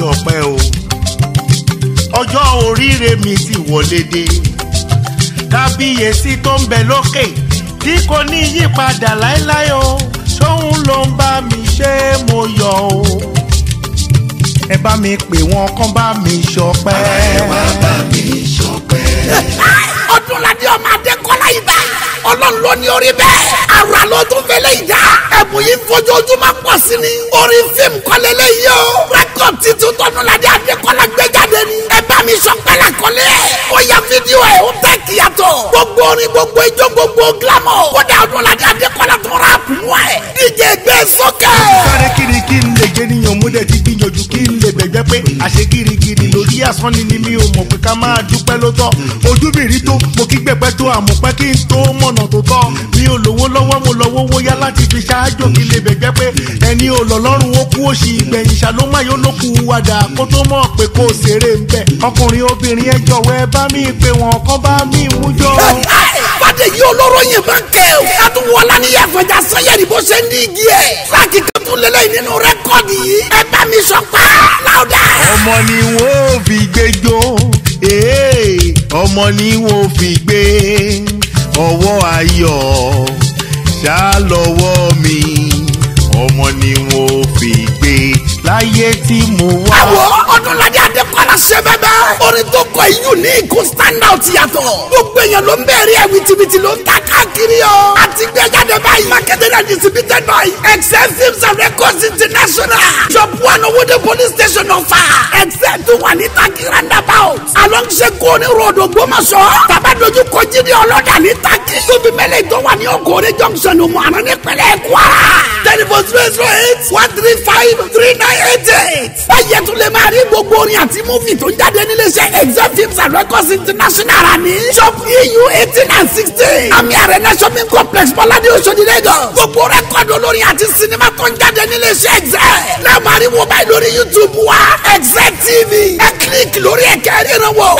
ṣe ọpẹ́ o ọjọ́ oríire mi ti wọlé dé kábíyèsí tó ń bẹ lókè tí kò ní yípadà láéláé o ṣóun ló ń bá mi ṣe mo yọ̀ o ẹ bá mi pè wọ́n kán bá mi ṣọpẹ́. ọlọ́run ló ní orí bẹ́ẹ̀. àrà ló tún fẹ́lẹ́ ìjà. ẹ̀bùn yìí fojoojúmọ́ pọ̀ sí ni. orin fíìmù kọ́lẹ́lẹ́ yìí o. rẹ́kọ̀d titun tọ́nulade adékọ́lá gbẹ́jáde ni. ẹ bá mi sọ pẹ́lá kọ́lẹ́. ó ya fídíò ẹ̀ ó tẹ́ kíyàtọ̀. gbogbo orin gbogbo ijó gbogbo gílámọ̀. kódà ọdúnladé adékọ́lá tó àṣe gírígírí lórí asán ni mi ò mọ̀ pé ká máa dúpẹ́ ló tọ́ ojú mi rí tó mo kí gbẹ̀pẹ́ tó àmupẹ́ kí n tó mọ̀nà tó tọ́ mi ò lówó lọ́wọ́ mo lọ́wọ́ wó yá láti fi ṣáájú kí lè bẹ̀gbẹ́ pé ẹni ò lọ lọ́rùn ó kú òṣì ìgbẹ̀yìn ṣá ló ló kú wàdà kó tó mọ̀ pé kó ṣeré ń bẹ̀ ọkùnrin obìnrin ẹ jọ̀wọ́ ẹ bá mi pé wọn kọ́ bá mi mú jọ. pàdé yìí olóró yẹn máa ń o. àtúwọ̀lá ni yẹ fẹjà ni bó ṣe ń di igi ẹ̀. tíráàkì kan lélẹ́yìn nínú rẹ́kọ̀dì yìí. ẹ bá mi sọ pa. Ah, láwùjọ ọmọ ni wo fi gbé jó ọmọ ni wo ò fi gbé ọwọ́ ayọ̀ ṣá lọ́wọ́ mi ọmọ ni wo fi gbé láyé tí mo wá. àwọ̀ ọdúnládé adékọ́lá ṣe bẹ́bẹ́. orin tó kọ ìyún ní ìkó stand out yàtọ̀. gbogbo èèyàn ló ń bẹ̀rẹ̀ ẹ̀ wìtìwìtì ló ń ta káàkiri o. a ti gbé jáde báyìí. mákẹ́tẹ́ náà distributed by excel and records international. shop one owóde police station ọ̀fà tún wà ní taki roundabout along Sekoni road Ògbómọ̀ṣọ́ tàbá dojú kọ jíde ọlọ́dà ní taki tóbi mẹ́lẹ̀ tó wà ní Ògòrè junction ní mọ̀ràn nípínlẹ̀ Kwara telephone zero zero eight one three five three nine eight eight báyẹ̀ tún lè máa rí gbogbo orin àti múfì tó ń jáde níléeṣẹ́ exam films and records international rà shop eu eighteen and sixteen àmì arena shopping complex bọ́ládé Òṣòdì Lagos gbogbo rẹ́kọ̀dù olórin àti sinimá tó ń jáde níléeṣẹ́ exam ariwo báyìí lórí YouTube wa Exec TV ẹ kílíkì lórí ẹ̀kẹ́ ìrànwọ́